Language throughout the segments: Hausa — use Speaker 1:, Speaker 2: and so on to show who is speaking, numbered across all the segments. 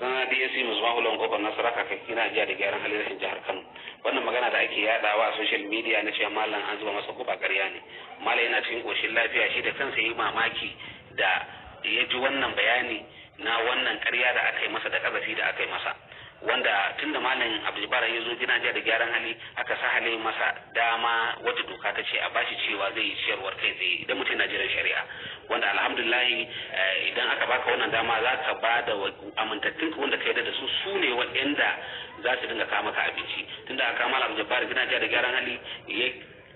Speaker 1: sana dsc musbahu lan kofar nasara kina jiya da gyaran halin rashin jihar kano wannan magana da ake yadawa a social media na cewa malam an zuba masa kofa karya ne malam yana cikin koshin lafiya shi da kansa yi mamaki da ya ji wannan bayani na wannan karya da aka yi masa da ƙazafi da aka yi masa wanda tun da malam abdulbara ya zo gina jiya da gyaran hali aka sa hali masa dama wata doka ta ce a bashi cewa zai yi ciyarwar kai zai idan mutum na jiran shari'a wallahi eh, idan aka baka wannan dama za ka ba da amintattun wanda ka yi da su su ne waɗanda za su dinga kama ka abinci tunda aka kama abu jabbar gina jiya da gyaran hali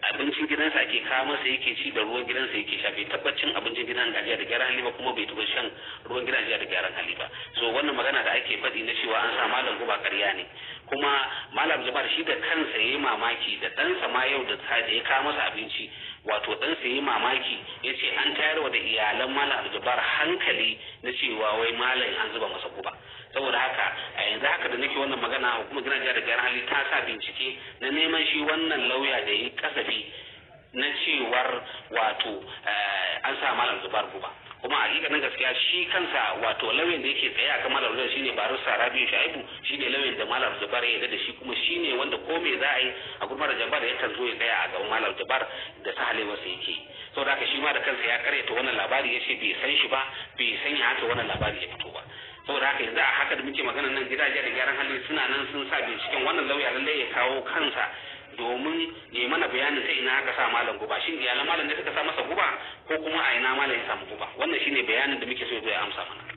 Speaker 1: abincin gidansa ake kawo masa yake ci da ruwan gidansa yake sha bai tabbacin abincin gidan jiya da gyaran hali ba kuma bai taɓa shan ruwan gidan jiya da gyaran hali ba so wannan magana da ake faɗi na cewa an sa malam guba ƙarya ne kuma malam jabar shi da kansa ya yi mamaki da ɗansa ma yau da ta ya kawo masa abinci wato ɗansa ya yi mamaki ya ce an ta da iyalan malam abdulbar hankali na cewa wai malam an zuba masa guba saboda haka a yanzu haka da nake wannan magana hukumar gina jihar garin hali ta sa bincike na neman shi wannan lauya da ya kasafi na cewar wato eh, an sa malam zubar guba kuma a hakikanin gaskiya shi kansa wato lauyan da yake tsaye a kan malam zubair shine baru rabiu shaibu shine lauyan da malam zubair ya da shi kuma shine wanda ko me za a yi a gurbar jabar ya kan zo ya tsaya a gaban malam jabar da sahalewa sai yake Sau da haka shi ma da kansa ya karyata wannan labari ya ce bai san shi ba bai san ya haka wannan labari ya fito ba Sau da haka yanzu a haka da muke magana nan gidajen da gyaran hali suna nan sun sa binciken wannan lauya lallai ya kawo kansa domin ne mana bayanin sai ina aka sa malam guba shin iyalan malam ne suka sa masa guba ko kuma a ina malam ya samu guba wannan shine bayanin da muke so ya amsa mana